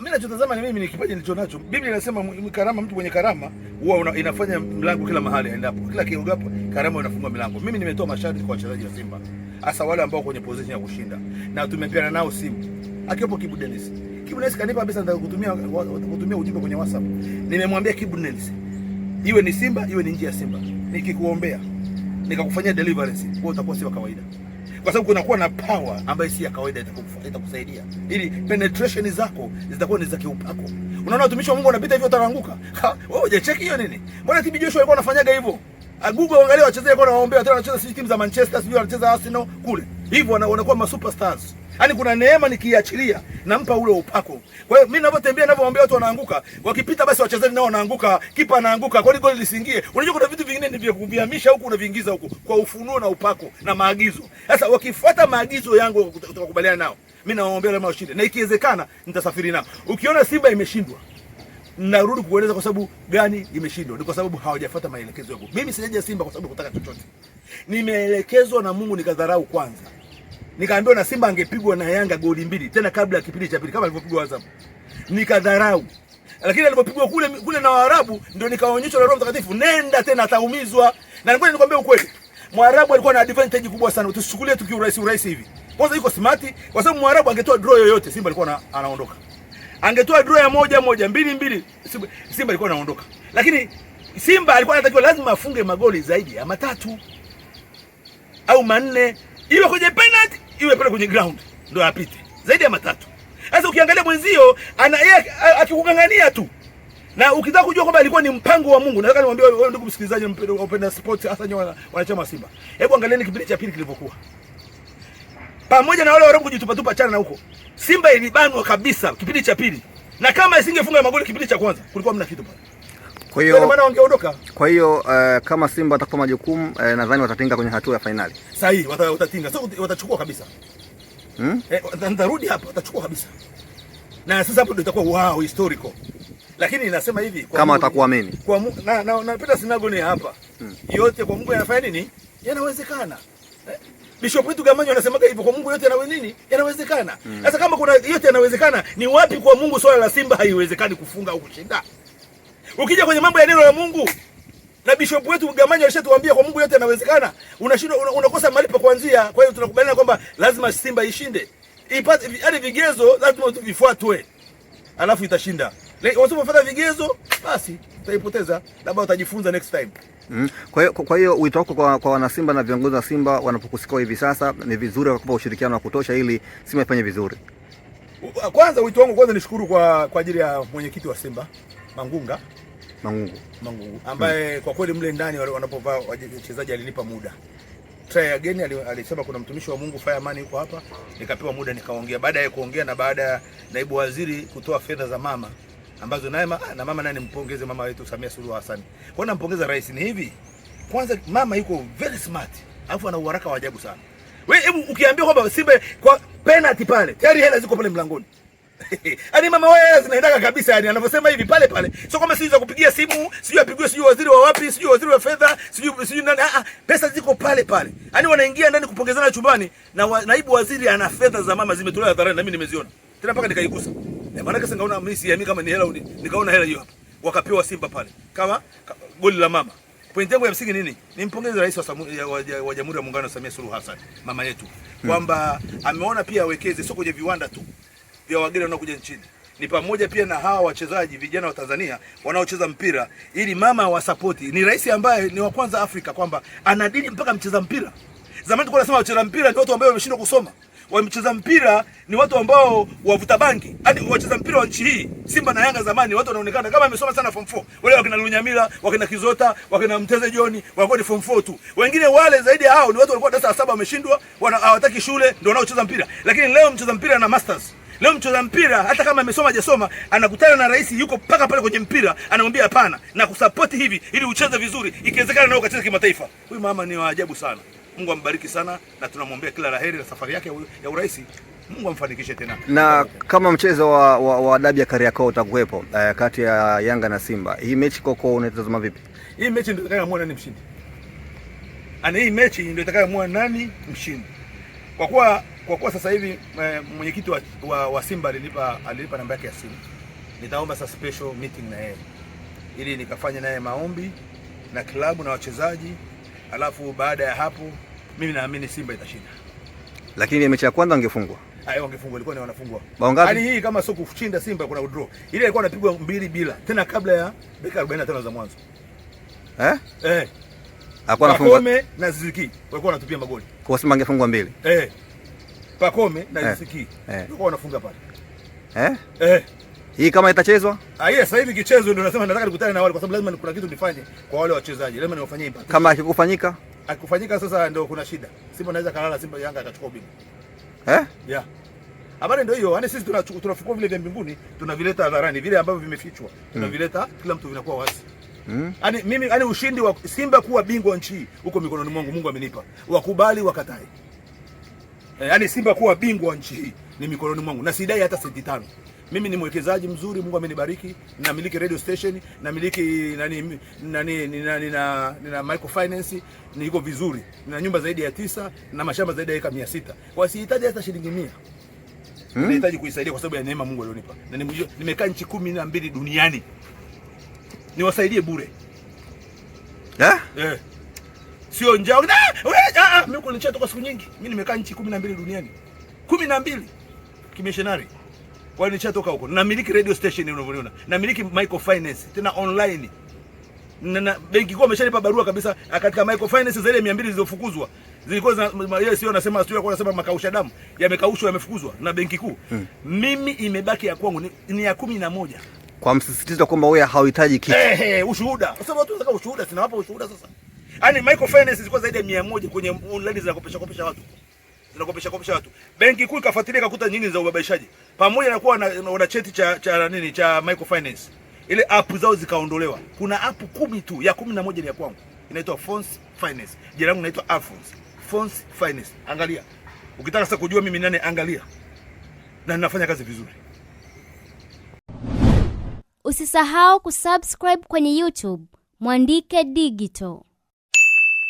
Mimi nachotazama ni mimi ni kipaji nacho. Biblia inasema karama, mtu mwenye karama huwa inafanya mlango kila mahali aendapo, kila kiogapo karama inafungua milango. Mimi nimetoa masharti kwa wachezaji wa Simba, hasa wale ambao kwenye position ya kushinda, na tumepeana nao simu, akiwepo Kibu Dennis. Kibu Dennis kanipa pesa, nataka kutumia kutumia ujumbe kwenye WhatsApp. Nimemwambia Kibu Dennis, iwe ni Simba iwe ni nje ya Simba, nikikuombea nikakufanyia deliverance, wewe utakuwa si wa kawaida kwa sababu kunakuwa na power ambayo si ya kawaida itakusaidia, ili penetration zako zitakuwa ni za kiupako. Unaona watumishi wa Mungu wanapita hivyo, utaanguka wewe. Hujacheki hiyo nini? Mbona TB Joshua alikuwa anafanyaga hivyo? Ah, Google, angalia wachezaji alikuwa tena anacheza sisi timu za Manchester, sijui wanacheza Arsenal kule hivyo, wanakuwa masuperstars. Yaani kuna neema nikiachilia nampa ule upako. Kwa hiyo mimi ninapotembea ninapoambia watu wanaanguka, wakipita basi wachezaji nao wanaanguka, kipa anaanguka, kwa goli lisingie. Unajua kuna vitu vingine ni vya kuvihamisha huku unaviingiza huku kwa ufunuo na upako na maagizo. Sasa wakifuata maagizo yangu utakubaliana nao. Mimi naomba leo washinde. Na ikiwezekana nitasafiri nao. Ukiona Simba imeshindwa, narudi kueleza kwa sababu gani imeshindwa. Ni kwa sababu hawajafuata maelekezo yangu. Mimi sijaja Simba kwa sababu kutaka chochote. Nimeelekezwa na Mungu nikadharau kwanza nikaambiwa na Simba angepigwa na Yanga goli mbili tena kabla ya kipindi cha pili kama alivyopigwa Azam, nikadharau. Lakini alipopigwa kule kule na Waarabu ndio nikaonyeshwa na Roho Mtakatifu, nenda tena ataumizwa. Na ngoja nikwambie ukweli, Mwarabu alikuwa na advantage kubwa sana, tusichukulie tukiurahisi urahisi hivi. Kwanza yuko smart, kwa sababu Mwarabu angetoa draw yoyote Simba alikuwa anaondoka, angetoa draw ya moja moja mbili mbili Simba, alikuwa anaondoka, lakini Simba alikuwa anatakiwa lazima afunge magoli zaidi ya matatu au manne, iwe kwenye penalty iwe pale kwenye ground ndio apite zaidi ya matatu. Sasa ukiangalia mwenzio ana yeye akikungangania tu, na ukitaka kujua kwamba alikuwa ni mpango wa Mungu, nataka niwaambie wewe ndugu msikilizaji mpenda sports, hasa nyowe wanachama wa Simba, hebu angalieni kipindi cha pili kilivyokuwa, pamoja na wale wale kujitupa tupa chana na huko, Simba ilibanwa kabisa kipindi cha pili, na kama isingefunga magoli kipindi cha kwanza kulikuwa mna kitu pale. Kwa hiyo maana wangeondoka. Kwa hiyo uh, kama Simba watakupa majukumu uh, nadhani watatinga kwenye hatua ya fainali. Sahihi, watatinga. Sio watachukua kabisa. Hmm? Eh, watarudi hapa watachukua kabisa. Na sasa hapo ndio itakuwa wow historical. Lakini nasema hivi kwa kama atakuamini. Kwa na na napenda sinago ni hapa. Hmm. Yote kwa Mungu yanafanya nini? Yanawezekana. Eh? Bishop wetu Gamanyo anasemaga hivyo kwa Mungu yote yanawe nini? Yanawezekana. Hmm. Sasa hmm, kama kuna yote yanawezekana, ni wapi kwa Mungu swala la Simba haiwezekani kufunga au kushinda? Ukija kwenye mambo ya neno la Mungu na bishop wetu Gamanyi alishatuambia kwa Mungu yote yanawezekana. unashinda una, unakosa mahali pa kuanzia. Kwa hiyo tunakubaliana kwamba lazima Simba ishinde. Ipate hadi vigezo lazima tuvifuatwe. Alafu itashinda. Wasipofuata vigezo basi utaipoteza. Labda utajifunza next time. Mm. Kwa hiyo kwa hiyo wito wako kwa, kwa wanasimba na viongozi wa Simba wanapokusikia hivi sasa ni vizuri wakupa ushirikiano wa kutosha ili Simba ifanye vizuri. Kwanza wito wangu kwanza nishukuru kwa kwa ajili ya mwenyekiti wa Simba Mangunga Mangungu, Mangungu hmm. ambaye hmm, kwa kweli mle ndani wanapovaa wachezaji alinipa muda try again. Alisema kuna mtumishi wa Mungu Fireman yuko hapa, nikapewa muda nikaongea. Baada ya kuongea na baada ya naibu waziri kutoa fedha za mama ambazo naye na mama naye nimpongeze mama wetu Samia Suluhu Hassan. Kwa nini nampongeza rais ni hivi? Kwanza mama yuko very smart, alafu ana uharaka wa ajabu sana. Wewe hebu ukiambia kwamba Simba kwa penalty pale, tayari hela ziko pale mlangoni. Yaani mama wewe zinaendaka kabisa yani anavyosema hivi pale pale. Sio kama sisi za kupigia simu, sijui apigwe sijui waziri wa wapi, sijui waziri wa fedha, sijui sijui nani ah, ah, pesa ziko pale pale. Yaani wanaingia ndani kupongezana chumbani na wa, naibu waziri ana fedha za mama zimetolewa hadharani na mimi nimeziona. Tena mpaka nikaigusa. Na eh, maana kesa ngaona mimi si kama ni hela uni, nikaona hela hiyo hapa. Wakapewa Simba pale. Kama goli la mama. Pointi yangu ya msingi nini? Nimpongeze Rais wa ya, wa, wa Jamhuri ya Muungano Samia Suluhu Hassan, mama yetu, hmm. kwamba ameona pia awekeze sio kwenye viwanda tu vya wageni wanaokuja nchini ni pamoja pia na hawa wachezaji vijana wa Tanzania wanaocheza mpira ili mama wasapoti. Ni rais ambaye ni wa kwanza Afrika kwamba ana dini mpaka mcheza mpira. Zamani tulikuwa tunasema wacheza mpira ni watu ambao wameshindwa kusoma, wamecheza mpira ni watu ambao wavuta bangi. Hadi wacheza mpira wa nchi hii Simba na Yanga zamani watu wanaonekana kama wamesoma sana form 4. Wale wakina Lunyamila, wakina Kizota, wakina Mteze Joni walikuwa ni form 4 tu. Wengine wale zaidi ya hao ni watu walikuwa darasa la saba wameshindwa, hawataki shule ndio wanaocheza mpira. Lakini leo mcheza mpira na masters Leo mcheza mpira hata kama amesoma hajasoma, anakutana na rais yuko mpaka pale kwenye mpira, anamwambia hapana, na kusapoti hivi ili ucheze vizuri, ikiwezekana nao ukacheze kimataifa. Huyu mama ni waajabu sana. Mungu ambariki sana, na tunamwombea kila laheri na safari yake ya urais. Mungu amfanikishe tena. Na kama mchezo wa, wa, wa dabi ya Kariakoo utakuwepo uh, kati ya Yanga na Simba, hii mechi koko unaitazama vipi? Hii mechi ndio itakayomwona nani mshindi, ana yaani hii mechi ndio itakayomwona nani mshindi, kwa kuwa kwa kuwa sasa hivi e, mwenyekiti wa, wa, wa Simba alinipa alinipa namba yake ya simu, nitaomba sasa special meeting na yeye ili nikafanye naye maombi na klabu na wachezaji, alafu baada ya hapo mimi naamini Simba itashinda. Lakini ile mechi ya kwanza angefungwa Ayo, ah, eh, angefungwa ilikuwa ni wanafungwa. Bao ngapi? Hali yaani hii kama sio kushinda Simba kuna draw. Ile ilikuwa inapigwa mbili bila. Tena kabla ya dakika 45 za mwanzo. Eh? Eh. Hakuwa anafungwa. Wakome na Ziziki walikuwa wanatupia magoli. Kwa Simba angefungwa mbili. Eh. Pakome na eh. Ziziki eh. Yuko wanafunga pale. Eh? Eh. Hii kama itachezwa? Ah, yes, sasa hivi kichezo ndio nasema nataka nikutane na wale kwa sababu lazima kuna kitu nifanye kwa wale wachezaji. Lazima niwafanyie impact. Kama akikufanyika? Akikufanyika sasa ndio kuna shida. Simba anaweza kalala Simba Yanga atachukua ubingwa. Eh? Yeah. Habari ndio hiyo. Yaani sisi tunachukua vile vya mbinguni, tunavileta hadharani, vile ambavyo vimefichwa. Mm. Tunavileta mm. Kila mtu vinakuwa wazi. Mm. Yaani mimi yaani ushindi wa Simba kuwa bingwa nchi huko mikononi mwangu Mungu amenipa. Wakubali, wakatai eh, yani Simba kuwa bingwa nchi hii ni mikononi mwangu na sidai hata senti tano. Mimi ni mwekezaji mzuri, Mungu amenibariki, namiliki radio station, namiliki nani nani nina nina, nina microfinance, niko vizuri, nina nyumba zaidi ya tisa na mashamba zaidi ya eka 600. Kwa sihitaji hata shilingi 100. Hmm? Nahitaji kuisaidia kwa sababu ya neema Mungu alionipa. Na nimekaa nchi kumi na mbili duniani. Niwasaidie bure. Eh? Eh sio njaa. Ah, ah, mimi kunichia toka siku nyingi, mimi nimekaa nchi 12 duniani, 12 na mbili kimissionary wanichia toka huko. Namiliki radio station unavyoniona, namiliki microfinance tena online na, na benki kwa ameshanipa barua kabisa ah, katika microfinance zile 200 zilizofukuzwa zilikuwa zina yeye sio anasema sio alikuwa anasema makausha damu yamekaushwa yamefukuzwa na benki kuu hmm. Mimi imebaki ya kwangu ni, ni ya kumi na moja kwa msisitizo kwamba wewe hauhitaji kitu. Eh, hey, ushuhuda. Sasa watu wanataka ushuhuda, sina wapo ushuhuda sasa. Yaani microfinance zilikuwa zaidi ya 100 kwenye online zinakopesha kopesha watu. Zinakopesha kopesha watu. Benki kuu ikafuatilia ikakuta nyingi za ubabaishaji. Pamoja na kuwa wana cheti cha cha nini cha microfinance. Ile app zao zikaondolewa. Kuna app kumi tu, ya 11 ni ya kwangu. Inaitwa Fons Finance. Jina langu naitwa Alphonse. Fons Finance. Angalia. Ukitaka sasa kujua mimi nani, angalia. Na ninafanya kazi vizuri. Usisahau kusubscribe kwenye YouTube Mwandike Digital.